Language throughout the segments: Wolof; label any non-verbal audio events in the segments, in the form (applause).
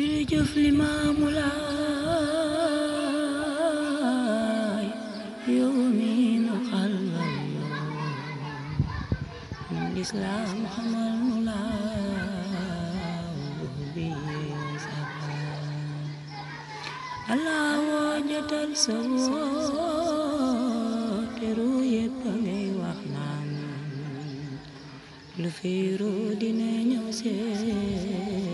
jërëjëf Limaamu Laay yow mi nu xalal yow lislaam xamal nu laaw bi saba Allah woo jotal sa woo teru yépp ngay wax naan lu fiiru dina ñëw see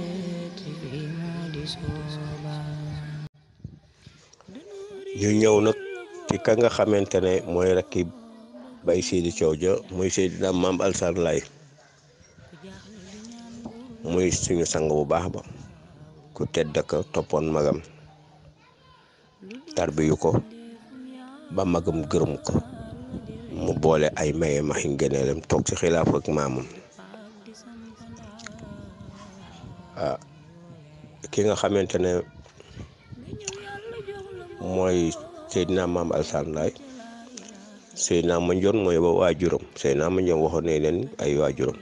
ñu ñëw nag ci ka nga xamante ne mooy rakki bay Sidi Coow ja muy Seydina Maam Alsaan Laay suñu sang bu baax ba ku tedd ka toppoon magam tarbiyu ko ba magam gërëm ko mu boole ay maye maxi ngëneelam toog ci xilaaf ak maamam ah ki nga xamante ne mooy Seydina Maam Alassane Laye Seydina Mandione mooy waajuram Seydina Mandione waxoon nañ leen ay waajuram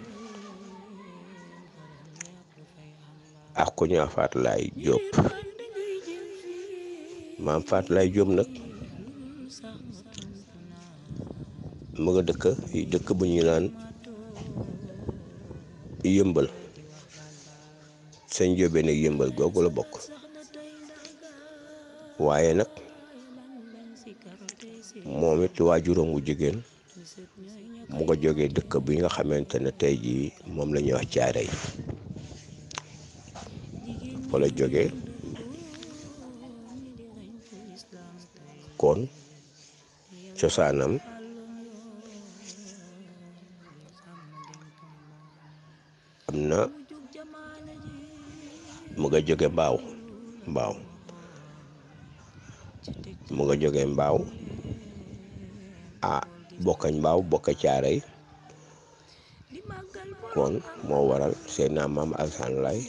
ak ku ñu Faat Laye Diop maam Faat Laye Diop nag mu dëkk dëkk bu ñuy naan yëmbal. sëñ Jóobe nag yëmbal googu la bokk waaye nag moom it waajuram wu jigéen mu nga jógee dëkk bi nga xamante ne tey jii moom la wax caaray fa la jóge kon cosaanam am na mu nga jóge mbaaw mbaaw mu nga jóge mbaaw a bokkañ mbaaw bokka caaray kon moo waral seen naa maam alsan lay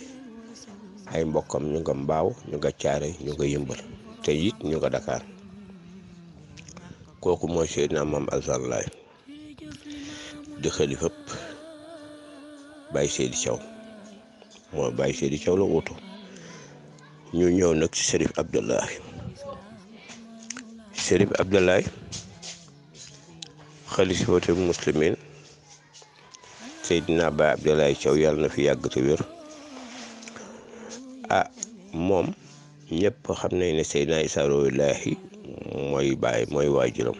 ay mbokkam ñu nga mbaaw ñu nga caare ñu nga yëmbal te it ñu nga Dakar kooku mooy Seydina Maam Alsaan Laay di xalifab Baay Seydi Thiaw mooy Baye Seydi Thiaw la wutu ñu ñëw nag ci Cherif Abdoulaye Cherif Abdoulaye xalifatu muslimin Seydina Baye Abdoulaye Thiaw yàlla na fi yàgg te wér ah moom ñëpp xam nañ ne Seydina Issa Rohou mooy baay mooy waajuram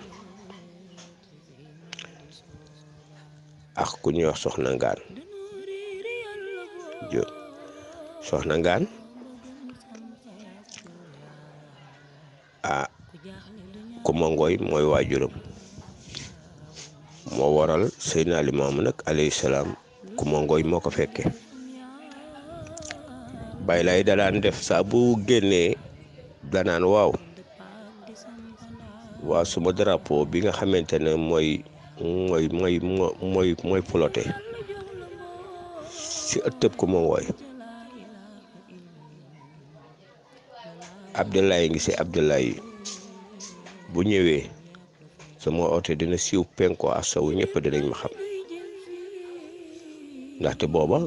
ak ku ñuy wax soxna ngaan Diop soxna ngaan a ah, Kumba Ngoy mooy waajuram moo waral Seydina Limaamu nag alayhi salaam Kumba Ngoy moo ko fekke bay lay da def saa bu génnee danaan waaw waaw suma drapeau bi nga xamante ne mooy mooy mooy mooy mooy polote ci ëttëb ko moom wooy Abdoulaye ngi si Abdoulaye bu ñëwee sama oote dina siiw penko ak sowu ñëpp dinañ ma xam ndaxte booba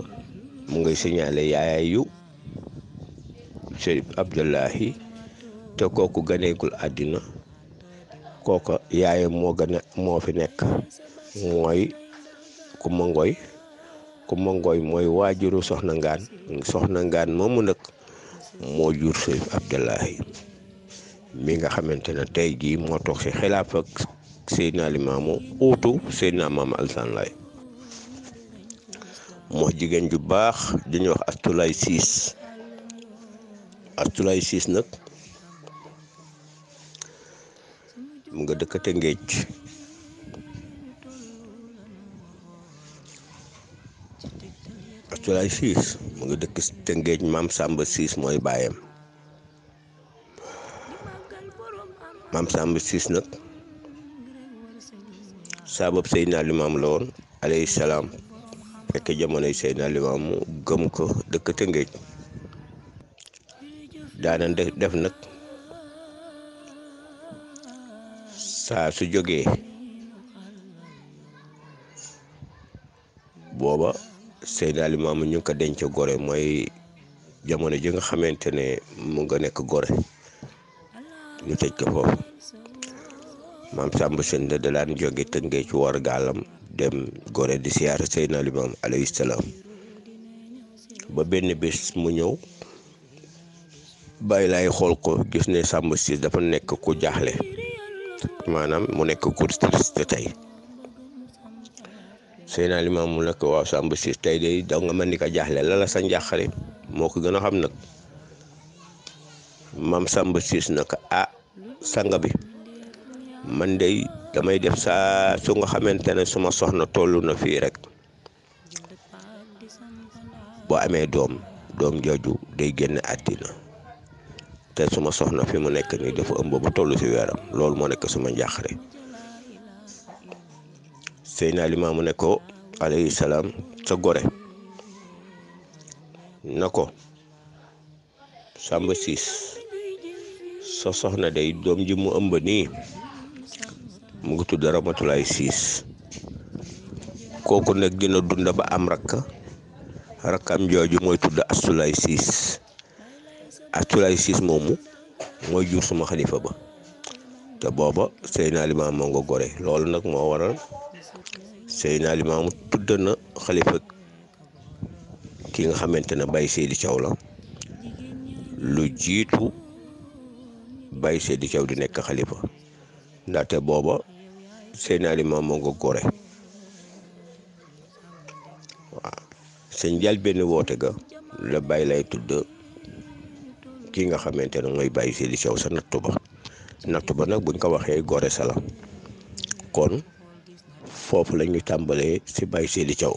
mu ngay signalé yaaya yu Chérif Abdoulahi te kooku ganeegul àddina kooka yaaya moo gën moo fi nekk mooy ku ma ngoy Kumba Ngooy mooy waajuru soxna ngaan soxna ngaan moomu nag moo jur Seyif Abdullahi mi nga xamante ne tey jii moo toog si xilaaf ak Seydina Limaamu uutu Seydina Maam Alsaan moo jigéen ju baax dañuy wax Astulaay Siis Astulaay nag mu nga dëkk Tëngéej Abdoulaye Ciss mu ngi dëkk Tëngéej maam Samba Ciss mooy baayam maam Samba Ciss nag saabab Seydina Limaam la woon alayhi salaam fekk jamonoy naa Limaam mu gëm ko dëkk Tëngéej daana def nag saa su jógee Seydina Limaamu ñu ngi ko denc Gorée mooy jamono ji nga xamante ne mu nga nekk Gorée ñu tëj ko foofu maam Samba Sënde da daan jóge Tëngéej ci war gaalam dem Gorée di siyaare Seydina Limaamu alayhi salaam ba benn bis mu ñëw bàyyi laay xool ko gis ne Samba Siis dafa nekk ku jaaxle maanaam mu nekk ku triste tey sëy naa limaamu la ko waaw Samba Ciss tey day daw nga mën di ko jaaxle lala sa njàqare moo ko gën a xam nag maam Samba Ciss nag ah sanga bi man de damay def saa su nga xamante ne suma soxna tollu na fii rek boo amee doom doom jooju day génn àddina te suma soxna fi mu nekk nii dafa ëmb ba toll ci weeram loolu moo nekk suma njàqare Seydina Limaamu ne ko alayhi salaam sa gore na ko Samba siis sa soxna day doom ji mu ëmb nii mu ngi tudd Ramatulaay siis kooku nag dina dund ba am rakk rakkam jooju mooy tudd Astulaay siis Astulaay siis moomu mooy jur suma xalifa ba te booba Seydina Limaamu moo nga gore loolu nag moo waral Seydina Limaamu tudd na xalifa ki nga xamante ne Baye Seydi caw la lu jiitu Baye Seydi Thiaw di nekk xalifa ndaxte booba sëy Limaamu moo nga gore waaw sëñ jal benn woote ga la Baye lay tudd ki nga xamante ne mooy Baye Seydi Thiaw sa nattu ba natt ba nag buñ ko waxee Goré Sala kon foofu la ñu tàmbalee si Baye Seydi Thiaw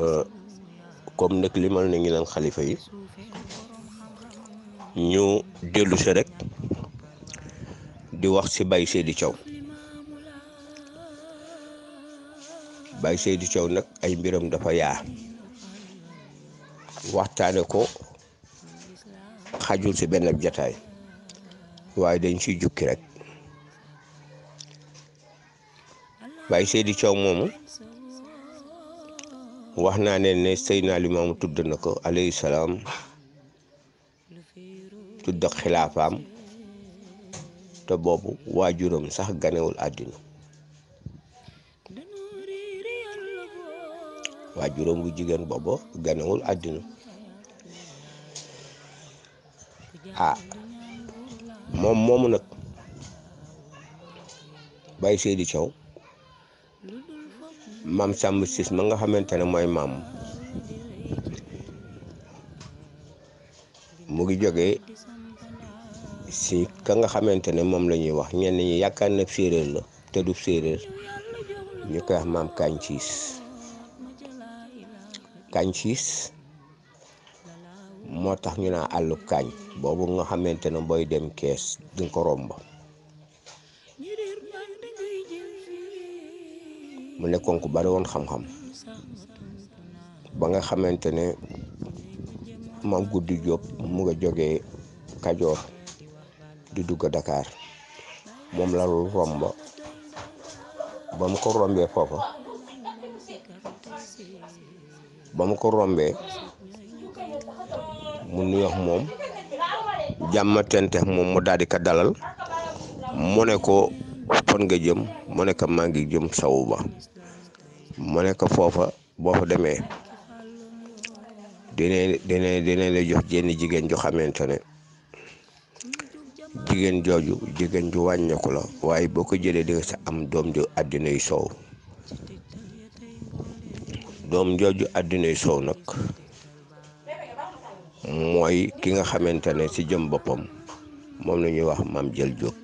euh, comme nag limal nañu leen xalifa yi ñu dellu rek di wax si Baye Seydi Thiaw Baye di Thiaw nag ay mbiram dafa yaa waxtaane ko xajul si benn jataay waaye dañ siy jukki rek Baye Seydi Thiaw moomu wax naa ne ne Seydina Limaamu tudd na ko alayhi salaam tudd ak xilaafaam te boobu waajuram sax ganewul àddina waajuram bu jigéen boobu ganewul àddina ah moom moomu nag Baye Seydi Thiaw mam Samb Ciss ma nga xamante ne mooy maam mu ngi jógee si ka nga xamante ne moom la ñuy wax ñenn ñi yaakaar nag séeréer la te du séeréer ñu koy wax maam Kañ moo tax ñu naa àllu kaañ boobu nga xamante ne booy dem kees di ko romb mu nekkoon ku bari woon xam-xam ba nga xamante ne maam guddi Jóob mu nga jógee Kajoor di dugg Dakar moom la romb ba mu ko rombee foofa ba mu ko rombee mu nuyox moom jàmmatente moom mu daal di ko dalal mu ne ko fan nga jëm mu ne ko maa ngi jëm sawu ba mu ne ko foofa boo fa demee dina dina dina la jox jenn jigéen ju xamante ne jigéen jooju jigéen ju wàññeeku la waaye boo ko jëlee di am doom ju àddina yu soow doom jooju àddina yu soow nag mooy ki nga xamante ne ci jëm boppam moom la ñuy wax maam jël jóg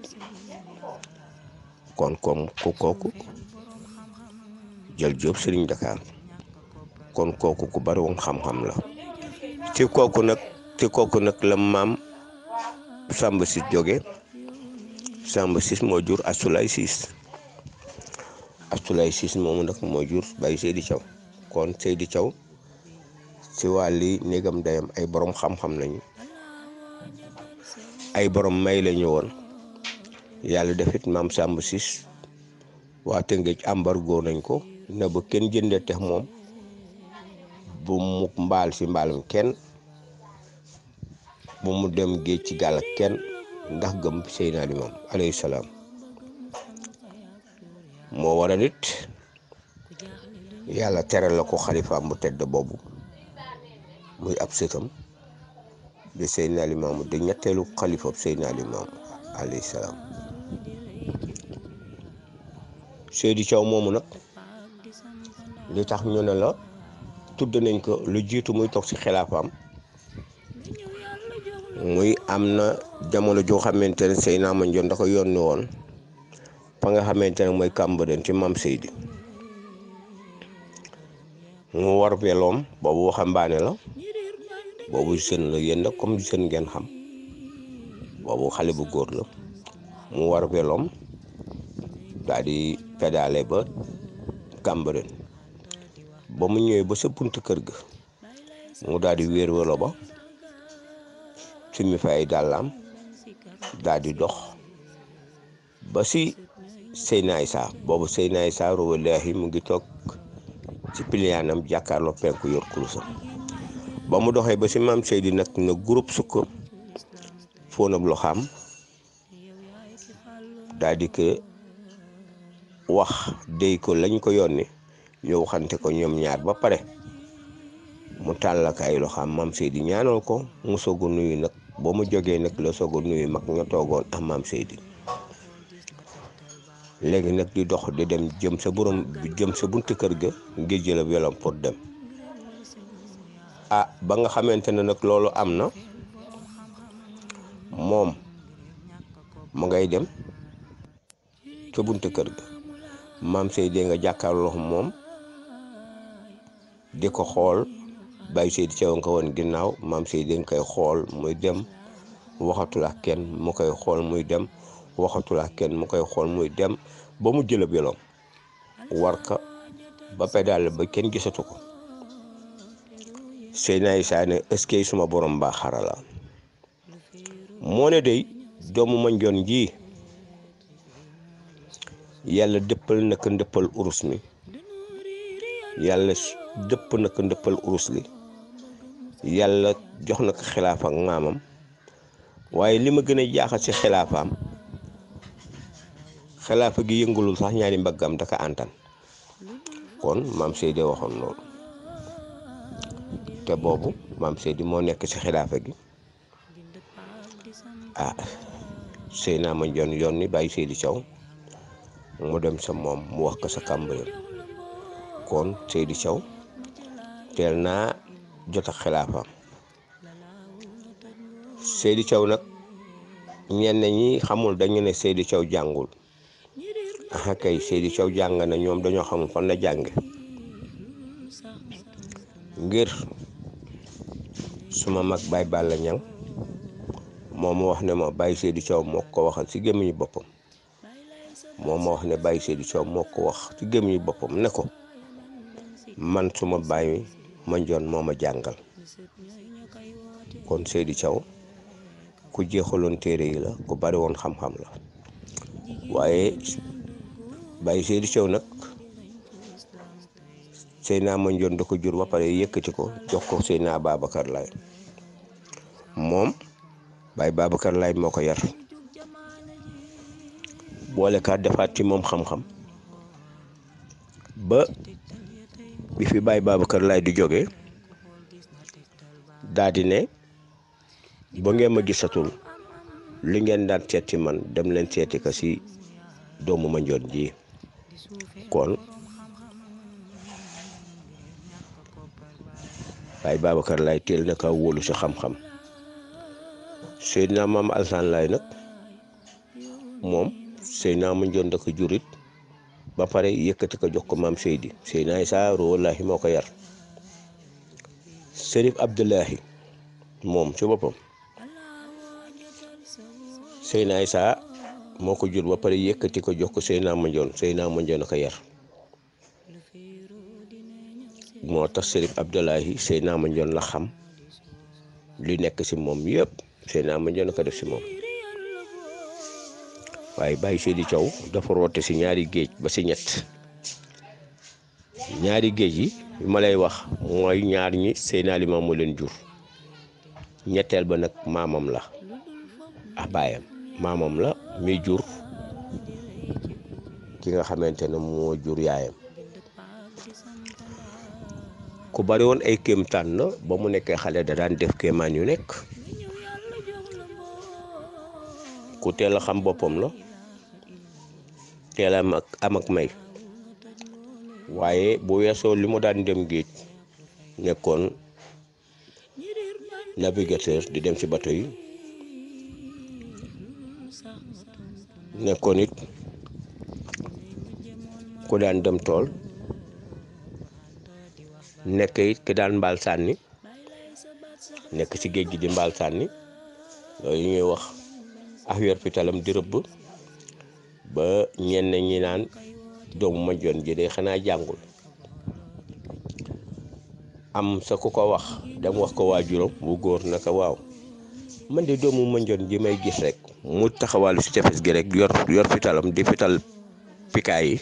kon comme ku kooku jël jóob sëriñ Dakar kon kooku ku bari woon xam-xam la ci kooku nag ci kooku nag la maam Samba Ciss jóge Samba Ciss moo jur Asulaay Ciss Asulaay Ciss moomu nag moo jur Baye Seydi Thiaw kon Seydi Thiaw ci wàlli néegam dayam ay boroom xam-xam lañu ay boroom may lañu woon yàlla defit maam sàmb sis waa Tëngéej embargo nañ ko na ba kenn jëndee tex moom bu mu mbaal si mbaalum kenn bu mu dem géej ci gàll kenn ndax gëm Seydina Limaamu salaam moo waral it yàlla tere la ko xalifaam bu tedd boobu muy ab sëtam di Seydina Limaamu di ñetteelu xalifa Seydina Limaamu alayhi salaam Seydi Thiaw moomu nag li tax ñu ne la tudd nañ ko lu jiitu muy toog ci xilaafaam muy am na jamono joo xamante ne Seydina Mandione da ko yónni woon fa nga xamante ne mooy Cambérène ci Maam Seydi mu war weloom boobu waxambaane la boobu jeune la yéen nag comme jeune ngeen xam boobu xale bu góor la mu war weloom daal di pédale ba Cambérène ba mu ñëwee ba sa buntu kër ga mu daal di wéer welo ba su mi fay dàllaam daal di dox ba si Seyna Issa boobu Seyna Issa rawalaahi mu ngi toog ci piliyaanam jàkkaarloo penku yor kulusam ba mu doxee ba si maam Seydi nag na groupe sukk foo loxaam lu xam wax déy ko lañ ko yónni ñu waxante ko ñoom ñaar ba pare mu tàllak ay lu xam maam Seydi ñaanal ko mu soog a nuyu nag ba mu jógee nag la soog a nuyu mag ña toogoon ak maam Seydi léegi nag di dox di dem jëm sa borom jëm sa bunt kër ga ngir jëlab yolam pour dem ah ba nga xamante ne nag loolu am na moom mu ngay dem ca buntu kër ga maam Seydi nga jàkkaarloo moom di ko xool bàyyi Seydi Thiaw nga woon ginnaaw maam Seydi nga koy xool muy dem waxatul kenn mu koy xool muy dem waxatul kenn mu koy xool muy dem ba mu jëlab yoloom war ka ba pédale ba kenn gisatu ko Seydina Isaa ne est-ce que suma borom baa xarala moo ne day doomu manjoon ji yàlla dëppal na ko ndëppal urus mi yàlla dëpp na ko ndëppal li yàlla jox na ko xilaafa maamam waaye li ma gën a jaaxal ci xilaafaam xilaafa gi yëngalul sax ñaari mbaggam daka antan kon maam Seydi waxoon loolu te boobu maam Seydi moo nekk ci xilaafa gi ah sëy naa ma jon yoon ni bàyyi Seydi Thiaw mu dem sa moom wax ko sa kàmbareel kon Seydi Thiaw teel naa jot ak xilaafam Seydi Thiaw nag ñenn ñi xamul dañu ne Seydi sew jàngul aha kay Seydi sew jàng na ñoom dañoo xamul fan la jànge ngir suma mag baay Balla Niang moom moo wax ne ma Baye Seydou Thiaw moo ko waxal ci gémmiñu boppam moo moo wax ne Baye Seydou Thiaw moo ko wax ci gémmiñu boppam ne ko man suma baay mi ma moo ma jàngal kon Seydou Thiaw ku jeexaloon téere yi la ku bari woon xam-xam la waaye Baye Seydou Thiaw nag Seydina Mandione da ko jur ba pare yëkkati ko jox ko Seydina Babacar moom Baye Babacar moo ko yar boole kaa defaat ci moom xam-xam ba bi fi baay Babacar Laye di jóge daldi ne ba ngeen ma gisatul li ngeen daan seet ci man dem leen seeti ko si doomu Mandione ji kon waaye Babacar Laay teel na kaa wóolu si xam-xam Seydina Maam Alsaan Laay nag moom Seydina mu njoon da jurit ba pare yëkkati ko jox ko maam Seydi Seydina Isaa Ruuhu Laahi moo ko yar Sërif Abdullahi moom si boppam Seydina Isaa moo ko jur ba pare yëkkati ko jox ko sey naa ma naa ma Seydina Mandione ko yar moo tax Sëriñ Abdoulahi Seydina Mandione la xam li nekk ci moom yëpp Seydina Mandione ko def si moom waaye Baye Seydi Thiaw dafa roote ci ñaari géej ba si ñett ñaari géej yi ma lay wax mooy ñaar ñi Seydina Limaamu moo leen jur ñetteel ba nag maamam la ah baayam maamam la mi jur ki nga xamante ne moo jur yaayam ku bari woon ay kéemtaan la ba mu nekkee xale da daan def kéemaan yu nekk ku teel xam boppam la teel a am ak may waaye bu weesoo li mu daan dem géej nekkoon navigateur di dem ci bato yi nekkoon it ku daan dem tool nekk it ki daan mbaal sànni nekk ci géej gi di mbaal sànni loolu ñuy wax ak yor pitalam di rëbb ba ñenn ñi naan doomu ma joon ji de xanaa jàngul am sa ku ko wax dem wax ko waa waajuram bu góor naka waaw man de doomu ma joon ji may gis rekk mu taxawaalu ci tefes gi rek yor yor pitalam di pital pikaay yi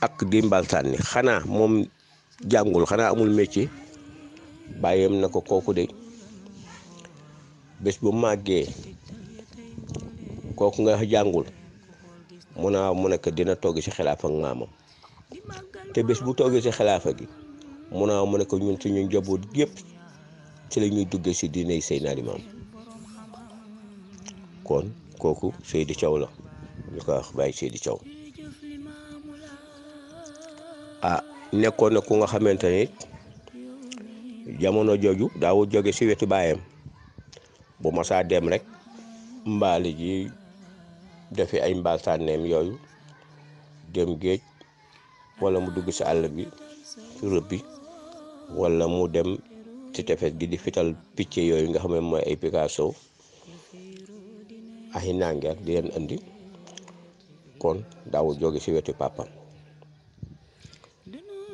ak di mbaal sànni xanaa moom jàngul xanaa amul métier bàyyam na ko kooku de bés bu màggee kooku nga jàngul mun a mu nekk dina togg ci xilaafa ak maamam te bés bu toggee ci xilaafa gi mun a mu nekk ñun suñu njaboot yépp ci la ñuy duggee ci diine yi Seydina Limaamu kon kooku Seydi caw la ñu ko wax Baye Seydi Thiaw ah nekkoon na ku nga xamante ni jamono jooju daawu jóge si wetu baayam bu masaa dem rek mbaali ji defi ay mbaal sànneem yooyu dem géej wala mu dugg si àll bi ci rëbbi wala mu dem ci tefes gi di fital picc yooyu nga xam ne mooy ay picasso ahi nangeer di leen indi kon daawu jóge si wetu pàppam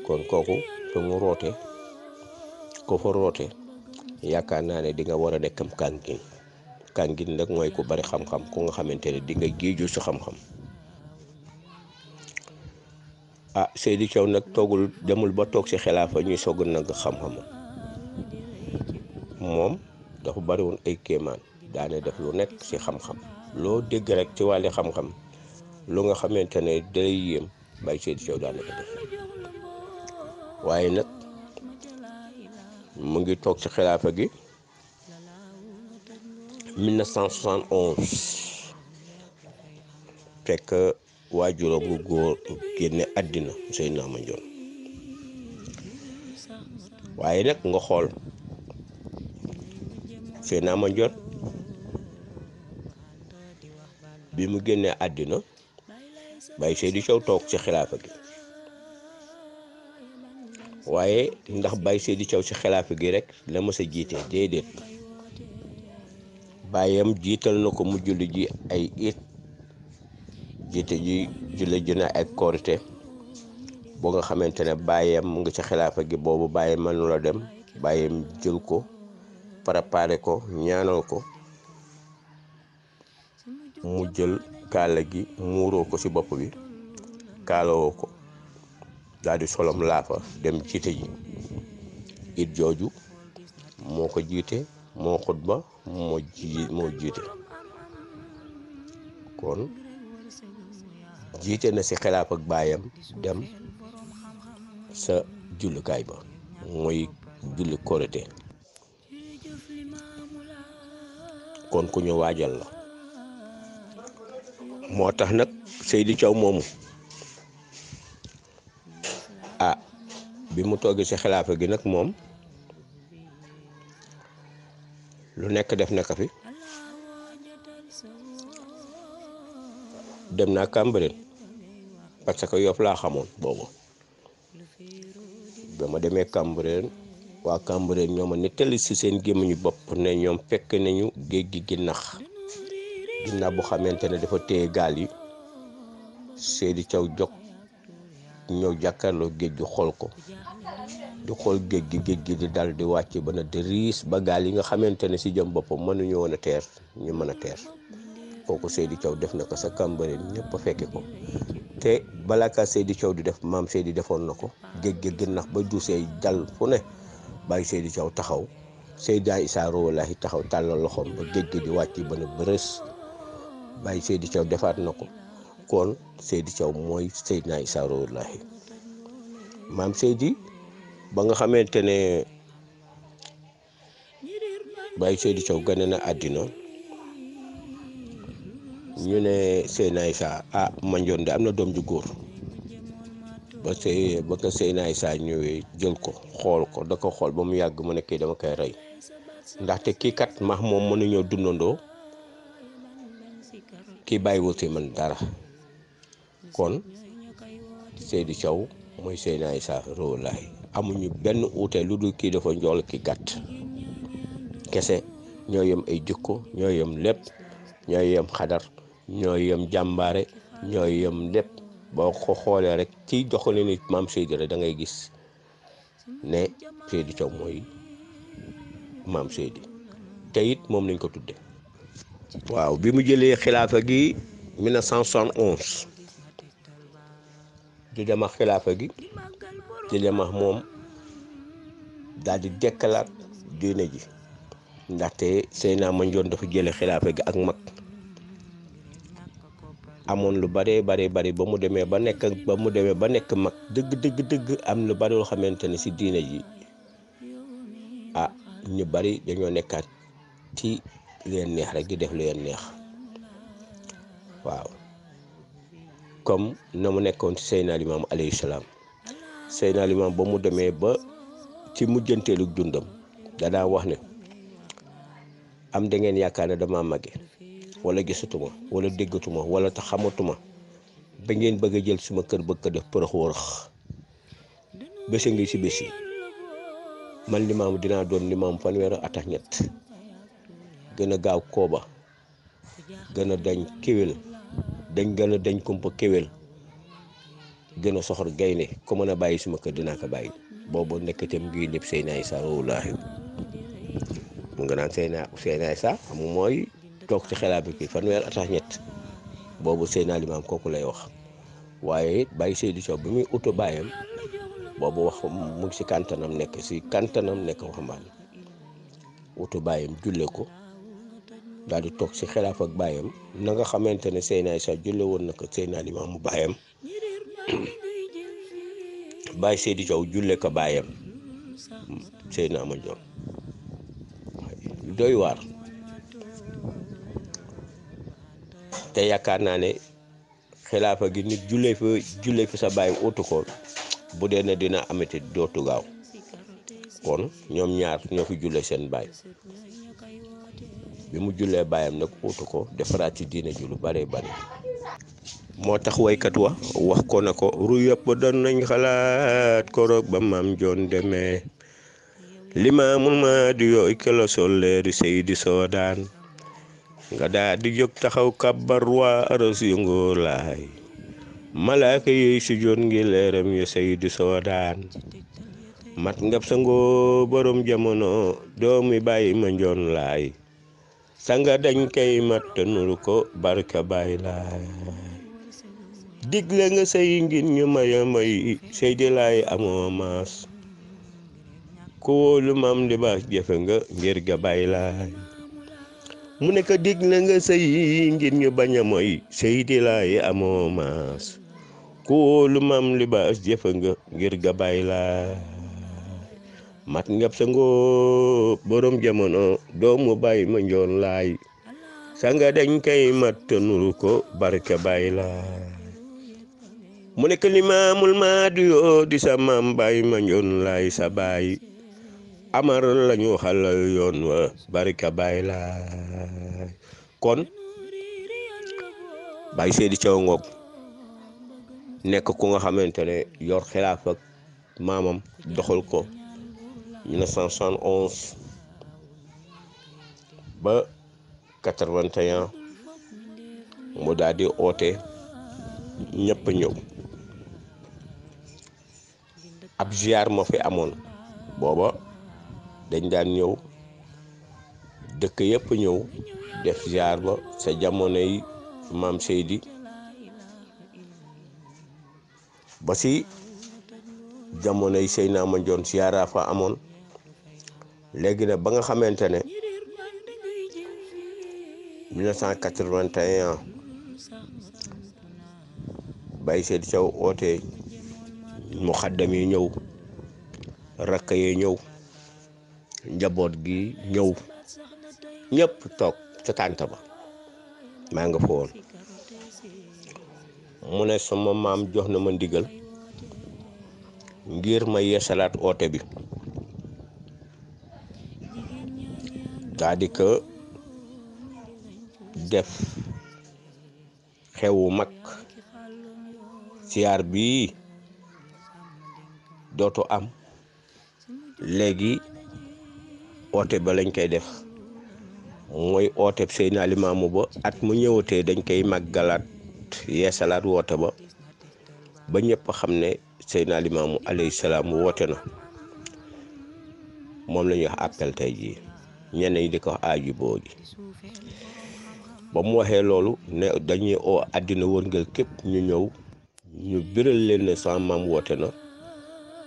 kon kooku fa roote ko fa roote yaakaar naa ne dinga war a nekk am kàngin kàngin nag mooy ku bari xam-xam ku nga xamante ne di nga géeju su xam-xam ah Seydou Thiaw nag toogul demul ba toog ci xilaafa ñuy soog nag xam-xam moom dafa bari woon ay kéemaan daane def lu nekk ci xam-xam loo dégg rek ci wàlli xam-xam lu nga xamante ne day yéem bàyyi Seydou Thiaw daane ko def waaye nag mu ngi toog ci xilaafa gi 1971 fekk waajuram bu góor génne àddina Seydina Mandione waaye nag nga xool Seydina Mandione bi mu génnee àddina bàyyi di Sow toog ci xilaafa gi waaye ndax Baye Seydou Thiaw ci xilaafa gi rek la mës a jiite déedéet bàyyam jiital na ko mu julli ji ay it jiite ji julli ji na ay korite boo nga xamante ne bàyyam mu ngi ci xilaafa gi boobu bàyyi mënu dem bàyyam jël ko préparé ko ñaanal ko mu jël kaala gi muuroo ko ci bopp bi kaalawoo ko daal di laa laafa dem jiite ji it jooju moo ko jiite moo xutba moo ji moo jiite kon jiite na si xilaaf ak baayam dem sa jullukaay ba mooy julli korite kon ku ñu waajal la moo tax nag Seydi Thiaw moomu bi mu toogee ci xilaafa gi nag moom lu nekk def na ko fi dem naa Cambérène parce que Yoff laa xamoon boobu dama demee Cambérène waa Cambérène ñoo ma nettali ci seen gémmiñu bopp ne ñoom fekk nañu géej gi ginnax ginnax bu xamante ne dafa téye gaal yi Seydou caw jog ñëw jàkkaarloo géej gi xool ko di xool géej gi géej gi di dal di wàcc ba na di ba gaal yi nga xamante ne si jëm boppam mënuñu woon a teer ñu mën a teer kooku Seydi Thiaw def na ko sa Cambérène ñëpp a fekke ko te balaa kaa Seydi Thiaw di def maam di defoon na ko géej gi gën nax ba duusee dal fu ne bàyyi Seydi Thiaw taxaw Seyda Issa Rouhou Lahi taxaw tàllal loxoom ba géej gi di wàcc ba na bërës bàyyi Seydi Thiaw defaat na ko kon Seydi Thiaw mooy Seydina Issa Rouhou Lahi maam Seydi ba nga xamante ne Baye Seydi Thiaw gane na àddina ñu ne Seydina Issa ah Mandione de am na doom ju góor ba sey ba ko Seydina saa ñëwee jël ko xool ko da xool ba mu yàgg mu ne kii dama koy rey ndaxte kii kat max moom mënuñoo dundandoo kii bàyyiwul si man dara kon Seydou Thiaw mooy Seydina sa Rouhulahi amuñu benn uute lu dul kii dafa njool ki gàtt kese ñoo yem ay jikko ñoo yem lépp ñoo yem xadar ñoo yem jàmbaare ñoo yem lépp boo ko xoolee rek ci doxali nit maam Seydou rek da ngay gis ne Seydou Thiaw mooy maam Seydou te moom lañ ko tudde waaw bi mu jëlee xilaafa gi 1971 di dem xilaafa gi di dem moom daldi di dekkalaat diine ji ndaxte Seydina Mandione dafa jële xilaafa gi ak mag amoon lu bare bare bare ba mu demee ba nekk ba mu demee ba nekk mag dëgg dëgg dëgg am lu bari loo xamante ne si diine ji ah ñu bari dañoo nekkaat ci leen neex rek def leen neex waaw comme na mu nekkoon ci Seydina Limaam alayhi salaam Seydina ba mu demee ba ci mujjanteelu dundam danaa wax ne am da ngeen yaakaar ne damaa mage wala gisatuma wala déggatuma wala te xamatuma ba ngeen bëgg a jël suma kër bëgg ko def përëx wërëx bési ngi si bési man Limaam dinaa doon Limaam fanweeri at ñett gën a gaaw kooba gën a dañ kéwél dañ gën a dañ kumpa kéwél gën a soxor gaynde ko mën a bàyyi suma kër dinaa ko bàyyi boobu nekkatam ngi lépp Seydina Issa rawulaahi mu nga naan Seydina Seydina Issa mooy toog ci xelaa bi kii fanweer atax ñett boobu Seydina Limaam kooku lay wax waaye it bàyyi di Sow bi muy utu bàyyam boobu wax mu ngi si kantanam nekk si kantanam nekk waxambaane utu bàyyi julle ko daal di toog si xilaaf ak baayam nanga xamante ne Seyna Isa jullee woon na ko Seyna Limaamu baayam Baye Seydi Diaw jullee ko baayam Seyna Ama Diaw doy waar te yaakaar naa ne xilaafa gi nit jullee fi sa baayam utu bu dee ne dina amati dootu gaaw kon ñoom ñaar ñoo fi jullee seen baay bi mu jullee baayam nag uutu ko defaraat ci diine ji lu bare bare moo tax waykat wa wax ko na ko ru yëpp doon nañ xalaat koroog ba maam joon demee limaamul ma di yooy kelo solleeri sey di soodaan nga daa di jóg taxaw kàbbar waa aras yu ngóor laay malaaka yooyu si joon ngi leeram yu sey di soodaan mat ngab sa ngoo borom jamono doomi bàyyi ma njoon laay sanga dañ koy matt nuru ko barka baay laay digle nga say ngir ñu maya may say di amoo maas ku wóolu maam di baax jëfe ngir ga baay laay mu ne ko digle nga say ngir ñu bañ a moy say di laay amoo maas ku wóolu maam li baax jëfe nga ngir ga baay laay mat ngeb sa ngóob borom jamono doomu bàyyi ma njoon laay sanga dañ koy mat te nuru ko barke bàyyi laay mu nekk limaamul maadiyoo di sa maam bàyyi ma njoon laay sa baay amar lañu xalal yoon wa barke bàyyi laay kon bàyyi seedi caw ngoog nekk ku nga xamante ne yor xilaaf ak maamam doxal ko 1971 ba 81 mu daal di oote ñëpp ñëw ab ziar moo fi amoon booba dañ daan ñëw dëkk yëpp ñëw def ziar ba sa jamono yi maam Seydi ba si jamono yi Seyna joon ziara fa amoon léegi nag ba nga xamante ne 1981 Baye Seydou Thiaw oote mu xaddam yi ñëw rakk yi ñëw njaboot gi ñëw ñëpp toog ca tànt ba maa nga fa woon mu ne sama maam jox na ma ndigal ngir ma yeesalaat oote bi daa di ko def xewu mag siyaar bii dootu am léegi oote ba lañ koy def mooy oote Seydina Limaamu ba at mu ñëwatee dañ koy màggalaat salaat woote ba ba ñëpp xam ne Seydina Limaamu alayhi salaam woote na moom la ñuy wax appel tey jii ñenn yi di ko wax aaju boogi ba mu waxee loolu ne dañuy oo àddina wërngël képp ñu ñëw ñu biral leen ne sama maam woote na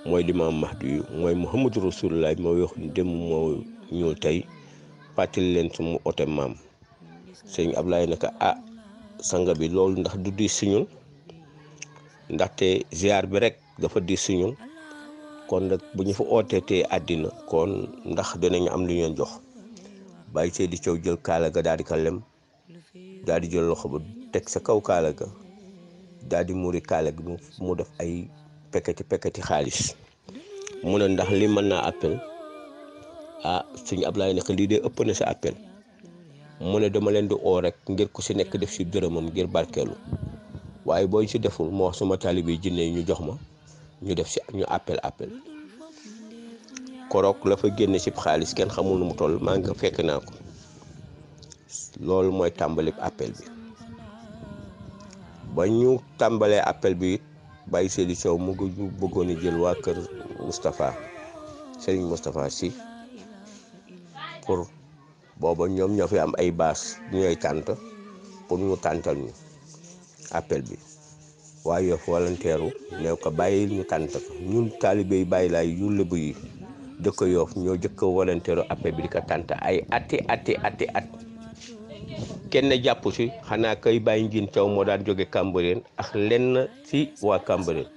mooy di limaam Mahdi yu mooy Muhammadu Rasulullah mooy wax dem moo ñuul tey fàttali leen su mu oote maam sëñ Ablaye naka ah sanga bi loolu ndax du diis si ñun ndaxte ziar bi rek dafa diis si ñun kon nag bu ñu fa ootee te àddina kon ndax dinañ am lu ñu jox. bàyyi Seydi Thiaw jël kaala ga daal di lem daal di jël loxo ba teg sa kaw kaala ga daal muuri kaala gi mu def ay pekkati pekkati xaalis mu ne ndax li mën naa appel ah ab laay nekk lii dee ëpp na sa appel mu ne dama leen di oo rek ngir ku si nekk def si dërëmam ngir barkeelu waaye boo ñu si deful moo wax suma taalibe jinne yi ñu jox ma ñu def si ñu appel appel koroog la fa génne cib xaalis kenn xamul nu mu toll maa ngi fekk naa ko loolu mooy tàmbali appel bi ba ñu tàmbalee appel bi bàyyi Seydi Sow mu ngi bëggoon a jël waa kër Moustapha Serigne Moustapha Sy pour booba ñoom ñoo fi am ay baas ñooy tànt pour ñu tàntal ñu appel bi waaye yow volontaire ko bàyyi ñu tànt ko ñun taalibe yi bàyyi yu lëbb yi dëkk yoof ñoo jëkk volontaire appel bi di ko tànt ay ati ati ati at kenn jàpp si xanaa kay bàyyi njiin caw moo daan jóge Cambérène ak lenn si waa Cambérène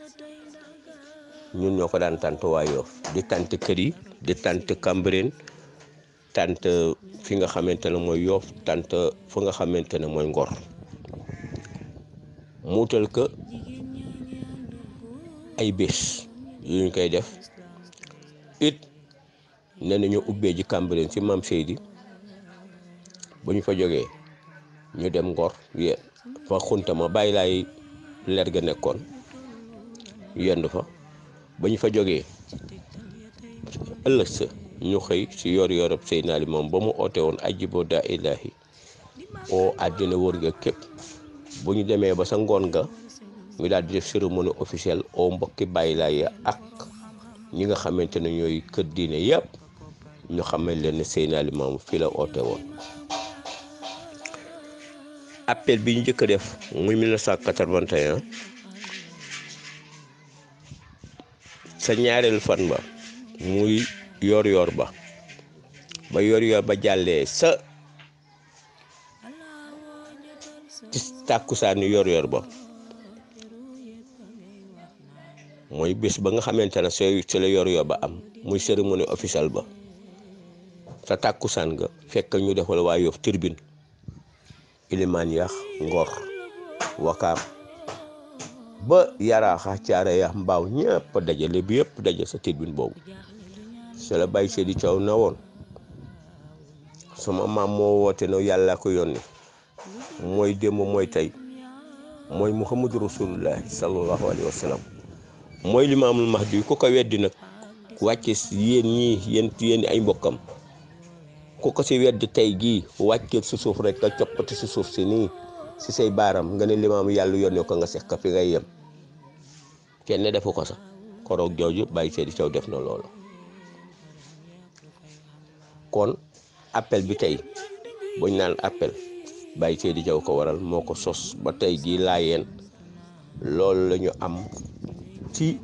ñun ñoo ko daan tànt waa yoof di tànt kër yi di tànt Cambérène tànt fi nga xamante ne mooy yoof tànt fu nga xamante ne mooy ngor muutal ko ay bés yu ñu koy def nee na ñu ubbee ji Cambérène ci maam Seydi bu ñu fa jógee ñu dem Ngor fa xunta ma bàyyi laay leer ga nekkoon yendu fa ba ñu fa jógee ëllëg sa ñu xëy si yor yorop sey naali moom ba mu oote woon ajibo daa ilaahi oo àddina wër ga képp bu ñu demee ba sa ngoon ga ñu daal di def cérémonie officielle oo mbokki bàyyi laay ak ñi nga xamante ne ñooy kër diine yëpp ñu xamal leen ne Seydina Limaamu fii la oote woon appel bi ñu njëkk a def muy 1981 sa ñaareelu fan ba muy yor-yor ba ba yor-yor ba jàllee sa ci tàkkusaanu yor-yor ba mooy bés ba nga xamante ne sooy ci la yor-yor ba am muy cérémonie officielle ba. ca tàkkusaan ga fekk ñu defal waa Yoff turbine ilimaan yax ngor wakaam ba yaraaxa caare yax mbaaw ñëpp dajale bi yëpp daje sa turbine boobu se la bàyyi seedi coow na woon sama maam moo woote na yàlla ko yónni mooy démb mooy tey mooy muhammadu rasulullahi sallallahu alayhi wa sallam mooy limaamul mahdi ku ko weddi nag wàcce yéen ñii ay mbokkam ku ko si weddi tey gii wàccee si suuf rek nga coppati si suuf si nii si say baaram nga ne limaamu yàlla yónnee ko nga seq ka fi ngay yem kenn defu ko sax koroog jooju bàyyi seedi caw def na loolu kon appel bi tey buñ naan appel bàyyi seedi caw ko waral moo ko sos ba tey jii laayeen loolu la ñu am ci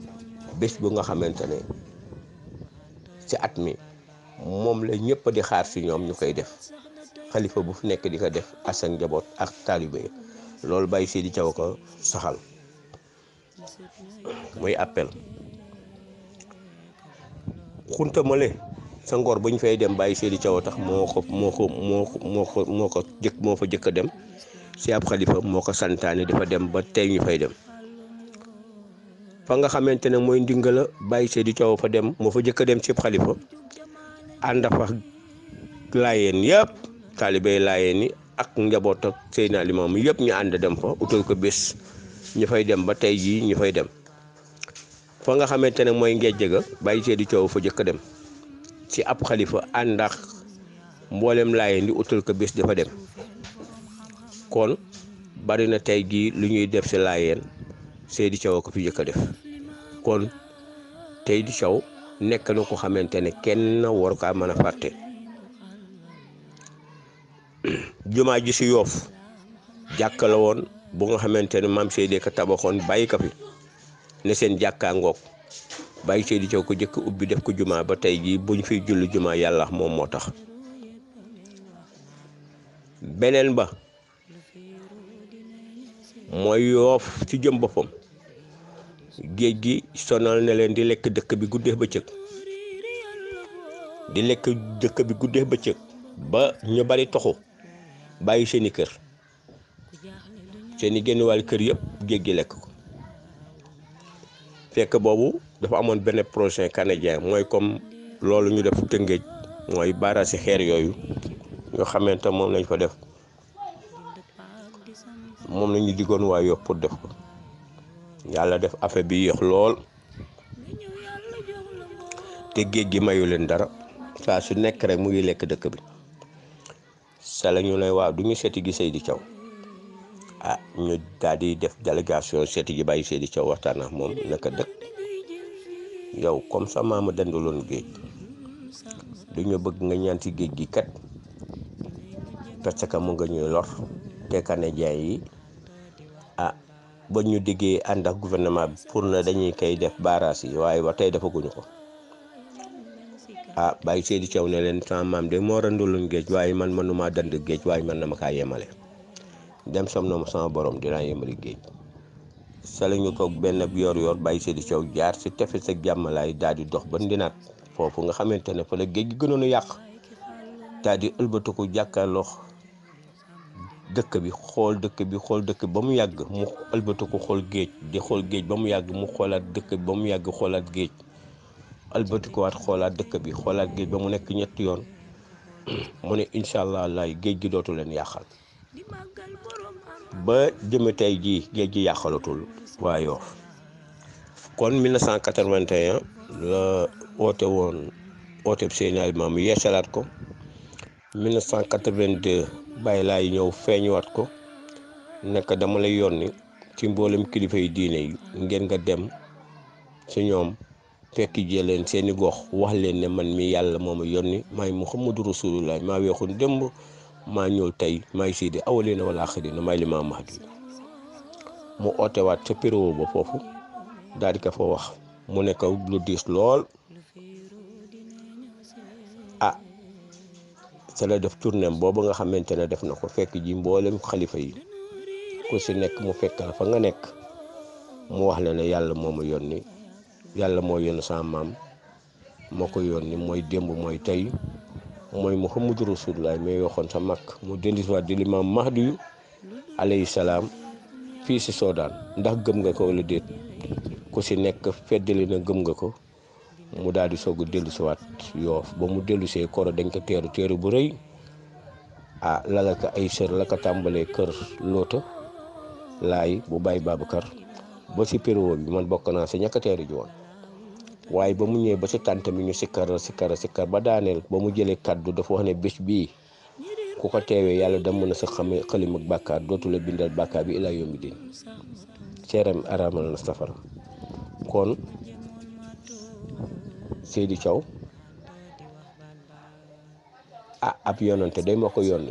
bés bu nga xamante ne ci at mi moom la ñëpp di xaar si ñoom ñu koy def xalifa bu fi nekk di ko def ak njaboot ak taalibe loolu bàyyi si di caw ko soxal muy appel xunta male sa ngor bu fay dem bàyyi seedi caw tax moo ko moo ko moo ko moo ko moo ko jëkk moo fa jëkk a dem si ab xalifa moo ko santaane dafa dem ba tey ñu fay dem fa nga xamante ne mooy ndingala bàyyi seet di caw fa dem moo fa jëkk a dem si ab xalifa ànd fa laayeen yëpp taalibey laayeen yi ak njaboot ak Seydina Limaamu yëpp ñu ànd dem fa utal ko bés ñu fay dem ba tey jii ñu fay dem foo nga xamante ne mooy ngejje ga bàyyi see di coow fa jëkk dem ci ab xalifa ànd ak mboolem laayeen di utal ko bés dafa dem kon bari na tey jii lu ñuy def si laayeen Seydi Thiaw ko fi jëkk a def kon di Thiaw nekk na ko xamante ne kenn war kaa mën a fàtte (clears throat) jumaa ji si yoof jàkk woon bu nga xamante ne maam Seydi ka tabaxoon bàyyi ka ne seen jàkkaa ngoog bàyyi Seydi Thiaw ko jëkk ubbi def ko jumaa ba tey jii buñ fiy julli jumaa yàlla moom moo tax beneen ba mooy yoof ci jëm boppam géej gi sonal na leen di lekk dëkk bi guddee bëccëg di lekk dëkk bi guddee bëccëg ba ñu bari toxu bàyyi seeni kër seeni génn wàll kër yëpp géej gi lekk ko fekk boobu dafa amoon benn projet canadien mooy comme loolu ñu def Tëngéej mooy barrage xeer yooyu nga xamante moom lañ ko def moom la ñu diggoon waa Yoff def ko yàlla def affaire bi yéex lool te géej gi mayu leen dara saa su nekk rek mu ngi lekk dëkk bi sa la ñu ne waaw du ñu seeti gi Seydi Thiaw ah ñu daal di def délégation seeti ji bàyyi di Thiaw waxtaan ak moom naka dëkk yow comme sa maama dendaloon géej du ñu bëgg nga ñaanti géej gi kat parce mu nga ñuy lor te kane jaay yi ah ba ñu diggee ànd ak gouvernement bi pour na dañuy kay def baaraas yi waaye ba tey defaguñu ko ah, ah bàyyi Seydou Thiaw ne leen sama maam de moo randaloon géej waaye man maa dand géej waaye man na ma kaa yemale dem som na ma sama borom dinaa yemale géej sa ñu ko benn yor yor bàyyi Seydou Thiaw jaar si tefes ak jàmmalaay daal di dox ba ndinaat foofu nga xamante ne fa la géej gi gënoon yàq daal di ëlbatiku jàkkaarloo dëkk bi xool dëkk bi xool dëkk ba mu yàgg mu albatiku xool géej di xool géej ba mu yàgg mu xoolaat dëkk bi ba mu yàgg xoolaat géej albatikuwaat xoolaat dëkk bi xoolaat géej ba mu nekk ñetti yoon (clears throat) mu ne incha allah lay géej gi dootu leen yàqal ba jëme tey jii géej gi yàqalatul waa Yoff kon 1981 la woote woon woote seen alimaam yeesalaat ko 1982 bàyyi laay ñëw feeñuwaat ko nekk dama lay yónni ci mboolem kilifa yu diine yi ngeen nga dem si ñoom fekk leen seeni gox wax leen ne man mi yàlla moo ma yónni maay Muhammadu Rasulullah maa weexul démb maa ñëw tey maay siidi awalina wala axirina maay li ma mahdi mu ootewaat ca péréwo ba foofu daal di wax mu nekk lu diis lool ca la def tournée boobu nga xamante ne def na ko fekk ji mboolem xalifa yi ku si nekk mu fekk la fa nga nekk mu wax la ne yàlla moo ma ni yàlla moo yónni sama maam moo ko yoon ni mooy démb mooy tey mooy Muhammadu Rasulullah mais yoxoon sa mag mu dellusiwaat di max di yu alayhi salaam fii si Soodaan ndax gëm nga ko wala déet ku si nekk feddali na gëm nga ko. mu daal di soog a dellu yoof ba mu dellu see koro dañ ko teeru teeru bu rëy ah lala ay sër la ko tàmbalee kër loota laay bu bàyyi Babacar ba si péro bi man bokk naa si ñàkk a teeru ji waaye ba mu ñëwee ba si tànt mi ñu sikkar sikkar sikkar ba daaneel ba mu jëlee kàddu dafa wax ne bés bii ku ko teewee yàlla da mën a sa xame xalim ak bàkkaar dootu bindal bàkkaar bi ilaa yombi din seeram araamal na safara kon Seydou Thiaw a ah, ab yonante day moo ko yónni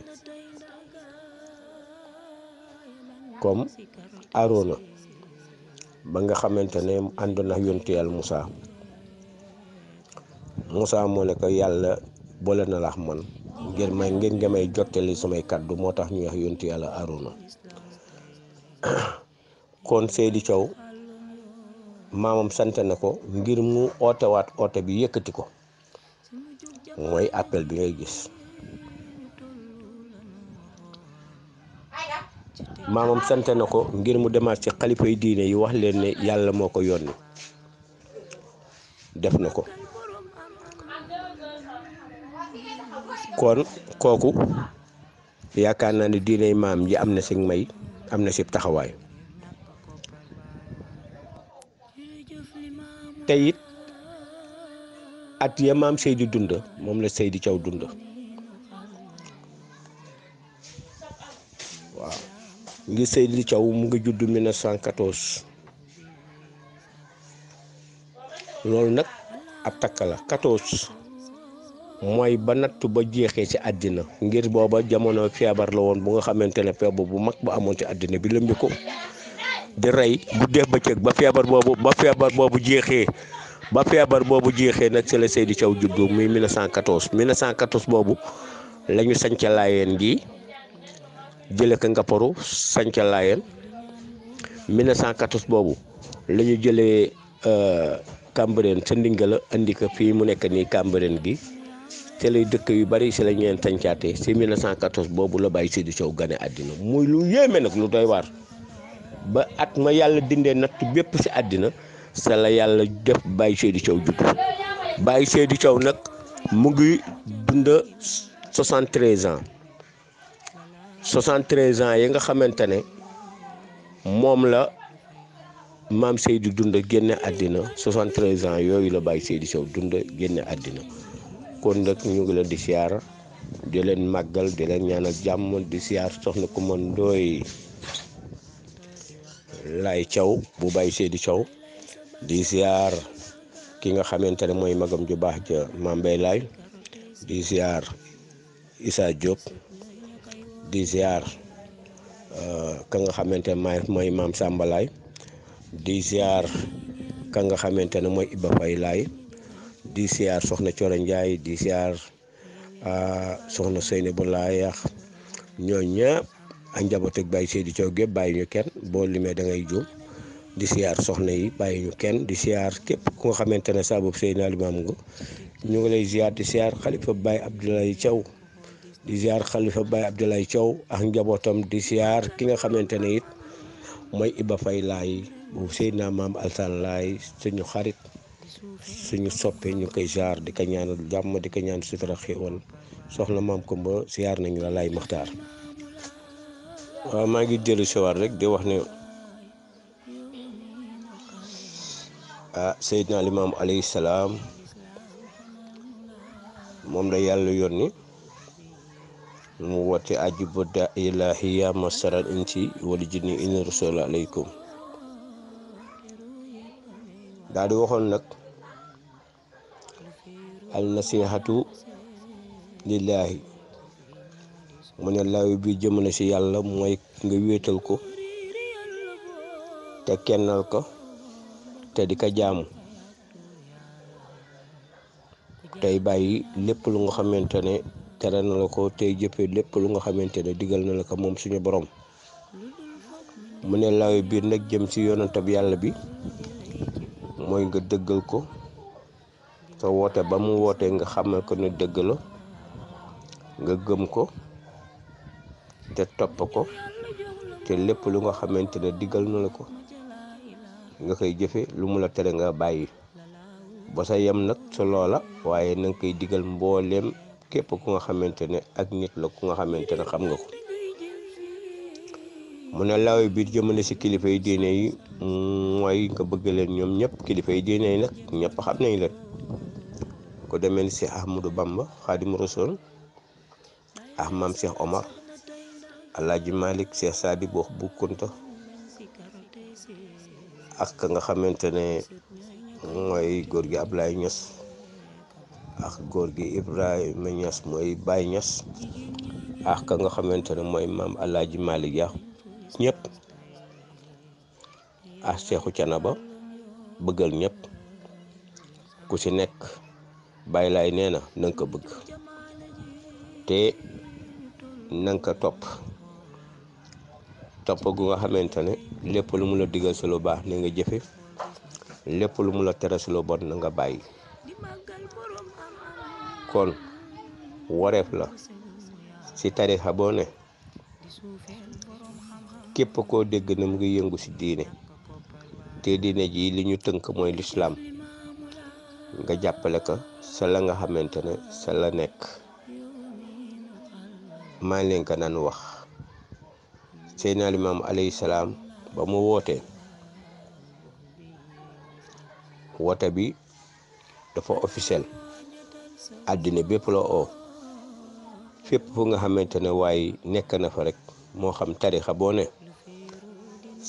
comme Arona ba nga xamante ne àndoon na yontu yàlla Moussa moo ne ko yàlla boole na laax man ngir may ngir nga may jottali samay kàddu moo tax ñu wax yontu yàlla Arona (coughs) kon Seydou Thiaw maamam sante na ko ngir mu ootewaat oote bi yëkkati ko mooy appel bi ngay gis maamam sante na ko ngir mu demaat ci xalifay diine yi wax leen ne yàlla moo ko yónni def na ko kon kooku yaakaar naa ne diiney maam ji am na si may am na si taxawaay te it at ya maam Seydi dund moom la Seydi Thiaw dund waaw ngir Seydi Thiaw mu ngi judd 1914 loolu nag ab takk la 14 mooy ba nattu ba jeexee ci àddina ngir booba jamono feebar la woon bu nga xamante ne feebar bu mag ba amoon ci àddina bi lëmbi ko di rey guddeeg bëccëg ba feebar boobu ba feebar boobu jeexee ba feebar boobu jeexee nag ci la Seydou Thiaw juddu muy 1914 1914 boobu la ñu sanc laayeen gi jëlee ko Ngaparou sanc laayeen 1914 boobu la ñu jëlee euh, Cambérène sa Ndingala andi ko fii mu nekk nii Cambérène gi te lay dëkk yu bari si la ñu leen sancaate si 1914 boobu la bàyyi Seydou Thiaw gane àddina muy lu yéeme nag lu doy waar. ba at ma yàlla dindee natt bépp si àddina sa la yàlla def Baye Seydou Thiaw judd Baye Seydou Thiaw nag mu ngi dund 73 ans 73 ans yi nga xamante ne moom la maam Seydou dund génne àddina 73 ans yooyu la Baye di Thiaw dund génne àddina kon nag ñu ngi la di siyaar di leen màggal di leen ñaanal jàmm di siyaar soxna ku mën ndooy lay caw bu bàyyi seedi caw di ziar ki nga xamante ne mooy magam ju baax ja mambay laay di ziar Issa Diop euh, ka nga xamante ne mooy maam Samba di ziar ka nga xamante ne mooy Iba Fay laay di ziar soxna Coro Ndiaye di euh, soxna Seyne bu laayax ñoo ñëpp ak njaboot ak Baye Seydou Thiaw gépp bàyyi ñu kenn boo limee dangay ngay di siyaar soxna yi bàyyi ñu kenn di siyaar képp ku nga xamante ne saa boobu Seydina Limaamu nga ñu ngi lay ziar di siyaar xalifa Baye Abdoulaye Thiaw di ziar xalifa Baye Abdoulaye Thiaw ak njabootam di siyaar ki nga xamante ne it mooy Iba Fay laay boobu Seydina maam Alsaan suñu xarit suñu soppe ñu koy ziar di ko ñaan jàmm di ko ñaan sutura xéewal soxna maam Kumba siyaar nañu la laay waaw maa ngi dellu si di wax ne ah Seydina Limaam alayhi salaam moom la yàlla yónni mu woote ajibu da ilaahi yaa masaral insi wal jinni in rasul aleykum di waxoon nag al nasihatu lillaahi mu ne laaw bi ci yàlla mooy nga wéetal ko te kennal ko te di ko jaamu tey bàyyi lépp lu nga xamante ne tere na la ko tey jëppe lépp lu nga xamante ne digal na la ko moom suñu borom mu ne laawe biir nag jëm ci yonantab yàlla bi mooy nga dëggal ko te woote ba mu wootee nga xamal ko ne dëgg la nga gëm ko te topp ko te lépp lu nga xamante ne diggal na la ko nga koy jëfe lu mu la tere nga bàyyi ba sa yem nag sa loola waaye na nga koy digal mbooleem képp ku nga xamante ne ak nit la ku nga xamante ne xam nga ko mu ne laawe biir jëmale si kilifa yi diine yi mooy nga bëgg leen ñoom ñëpp kilifa yi diine yi nag ñëpp xam nañ leen ko demee ni Cheikh Ahmadou Bamba Khadim Rassoul ah maam Cheikh Omar alaaji malik seex saadi boox bu kunta ak ka nga xamante ne mooy góor gi Ablaay Ñas ak góor gi Ibrahima Ñas mooy Baay Ñas ak ka nga xamante ne mooy maam alaaji malik yaa ñëpp ak seexu canaba bëggal ñëpp ku ci nekk bàyyi laay nee na nanga ko bëgg te nanga ko topp topp gu nga xamante ne lépp lu mu la digal si lu baax ni nga jëfe lépp lu mu la tere si lu bon na nga bàyyi kon wareef la si tarixa boo ne képp koo dégg ne mu ngi yëngu ci diine te diine ji li ñu tënk mooy lislaam nga jàppale ko sa la nga xamante ne sa la nekk maa leen ko naan wax Seydina Limaamu alayhi ba mu wootee woote bi dafa officiel àddina bépp la oo fépp nga xamante ne waaye nekk na fa rek moo xam tarixa boo ne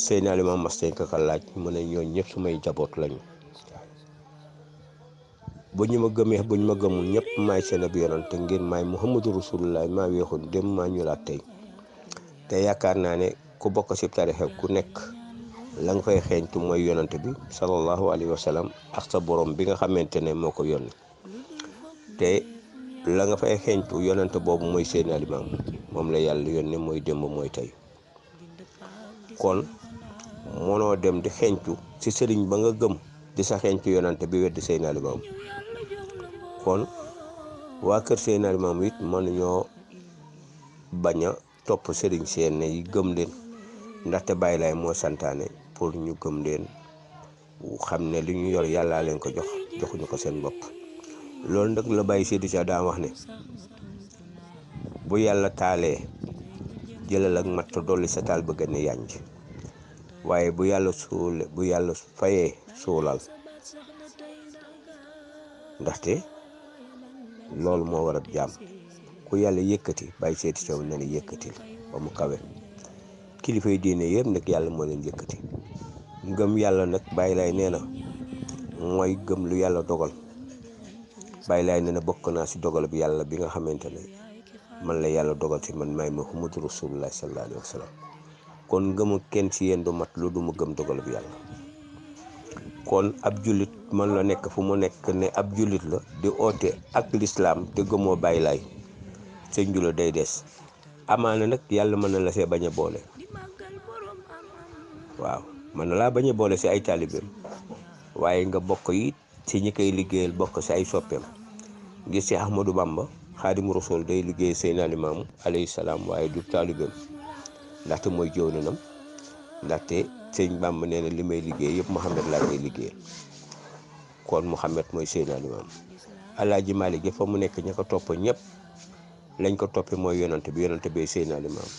Seydina Limaamu mas nañ ka laaj mu ne ñooñ ñëpp sumay jaboot lañu bu ñu ma gëmee bu ñu ma gëmul ñëpp maay seen ab yonent te ngir maay Muhammadu Rasulullah maa weexul dem maa ñuulaat tey te yaakaar naa ne ku bokk si tarixa ku nekk la nga fay xeeñtu mooy yonante bi sallallahu alayhi wa ak sa borom bi nga xamante ne moo ko yónni te la nga fay xeeñtu yonant boobu mooy seen alimaam moom la yàlla yónni mooy démb mooy tey kon mënoo dem di xeeñtu si sëriñ ba nga gëm di sa xeeñtu yonante bi weddi seen alimaam kon waa kër seen alimaam it mënuñoo bañ a topp sëriñ seen yi gëm leen ndaxte bàyyi laay moo santaane pour ñu gëm leen xam ne li ñu yor yàlla leen ko jox joxuñu ko seen bopp loolu nag la bàyyi Seydou Dia daa wax ne bu yàlla taalee jëlal ak matt dolli sa taal ba gën a yànj waaye bu yàlla suule bu yàlla fayee suulal ndaxte loolu moo war a jaam ku yàlla yëkkati bàyyi seeti saw na la yëkkatil kilifa yi diine yëpp nag yàlla moo leen yëkkati gëm yàlla nag bàyyi laay nee na mooy gëm lu yàlla dogal bàyyi laay nee na bokk naa si dogal bi yàlla bi nga xamante ne man la yàlla dogal si man maay Muhammadu Rasulullah kon ngëmu kenn si yéen du mat lu du ma gëm dogal yàlla kon ab jullit man la nekk fu mu nekk ne ab jullit la di oote ak lislaam te gëmoo bàyyi sa njula day des amaana nag yàlla mën na la see bañ a boole waaw mën na laa bañ a boole si ay taalibeem waaye nga bokk yi si ñi koy liggéeyal bokk si ay soppeem ngir si Ahmadou Bamba xaadimu rasul day liggéey Seydina Limaamu alayhi salaam waaye du ndaxte mooy jëw nanam ndaxte sëñ Bamba nee na li may liggéey yëpp Mouhamed laa koy mooy Seydina Limaamu fa mu nekk ña ko topp ñëpp lañ ko toppee mooy yonante bi yonante bi Seydina Limaam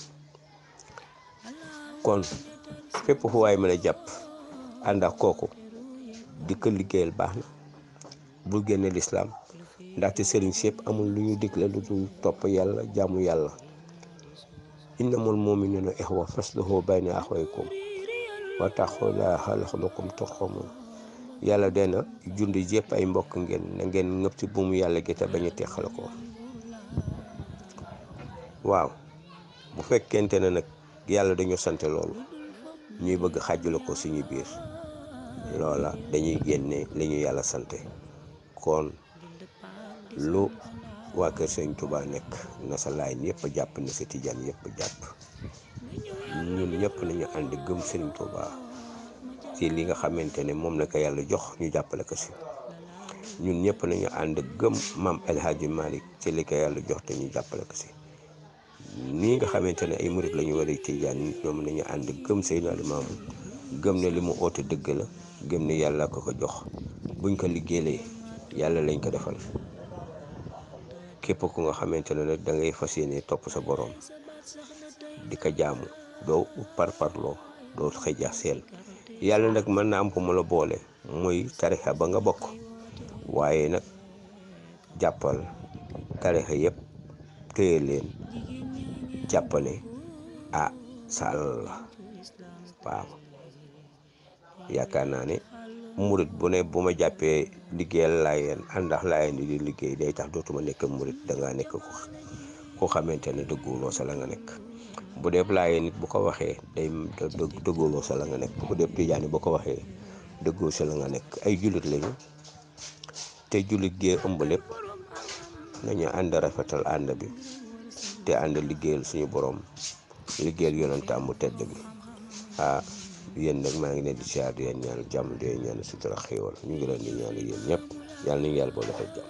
kon fépp fu waay jàpp ànd ak kooku di liggéeyal baax na bul génne lislaam ndaxte sëriñ si yëpp amul lu ñu digle lu dul topp yàlla jaamu yàlla innamal mu'minuuna ixwa fasluhu bayna axawaykum wattaqullaaha la'allakum turhamuun yàlla de na jund yëpp ay mbokk ngeen na ngeen ngëpp ci buumu yàlla gi te bañ a teqal ko waaw bu fekkente ne nag yàlla dañu sante loolu ñuy bëgg xàjjale ko suñu biir loola dañuy génne li ñu yàlla sante kon lu waa kër sëñ Touba nekk na sa laay yëpp jàpp na sa tijaan yëpp jàpp ñun ñëpp nañu ànd gëm sëñ Touba ci li nga xamante ne moom na ko yàlla jox ñu jàppale ko si ñun ñëpp nañu ànd gëm maam El Hadji Malick ci li ko yàlla jox te ñu jàppale ko si nii nga xamante ne ay murit lañu war a tijaan ñoom nañu ànd gëm Seydina Limaamu gëm ne li mu oote dëgg la gëm ne yàlla ko ko jox buñ ko liggéeyee yàlla lañ ko defal képp ku nga xamante ne nag da ngay fas yéene topp sa boroom di ko jaamu doo parparloo doo xëja seel yàlla nag mën na am ko mu la boole muy tarixa ba nga bokk waaye nag jàppal tarixa yëpp téye leen jàppale ah sa alal waaw yaakaar naa ne murit bu ne bu ma jàppee liggéeyal laayeen àndax laayeen di liggéey day tax dootuma nekk murit dangaa nekk ko ko xamante ne dëgguloo sa la nga nekk bu dee laayeen nit bu ko waxee day dëgguloo sa la nga nekk bu dee tijaan bu ko waxee dëggoo sa la nga nekk ay jullit lañu te jullit gee ëmb lépp nañu ànd rafetal ànd bi te ànd liggéeyal suñu boroom liggéeyal yonentam bu tedd bi ah yéen maa ngi ne di siyaar di leen jàmm di leen ñaan sutura xéewal ñu ngi leen di ñaan yéen ñëpp yàlla nañu yàlla boole defal jàmm.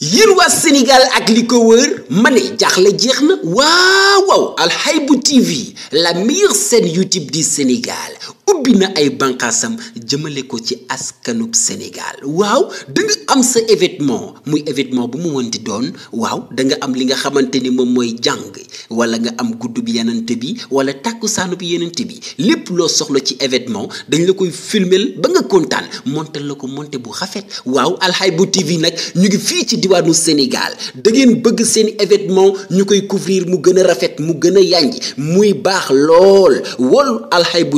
yéen Sénégal ak li ko wër ma ne jaaxle jeex na waaw waaw Al Haïbou TV la meilleure chaîne YouTube du Sénégal. ubbi na ay bànqaasam jëmale ko ci askanub Sénégal waaw da am sa événement muy événement bu mu mënti doon waaw da nga am li nga xamante ni moom mooy jàng wala nga am gudd bi yenante bi wala tàkkusaanu bi yenante bi lépp loo soxla ci événement dañu la koy filmel ba nga kontaan monter la ko monter bu xafet waaw Al Haïbou TV nag ñu ngi fii ci diwaanu Sénégal da ngeen bëgg seen événement ñu koy couvrir mu gën a rafet mu gën a yànj muy baax lool wol Al Haïbou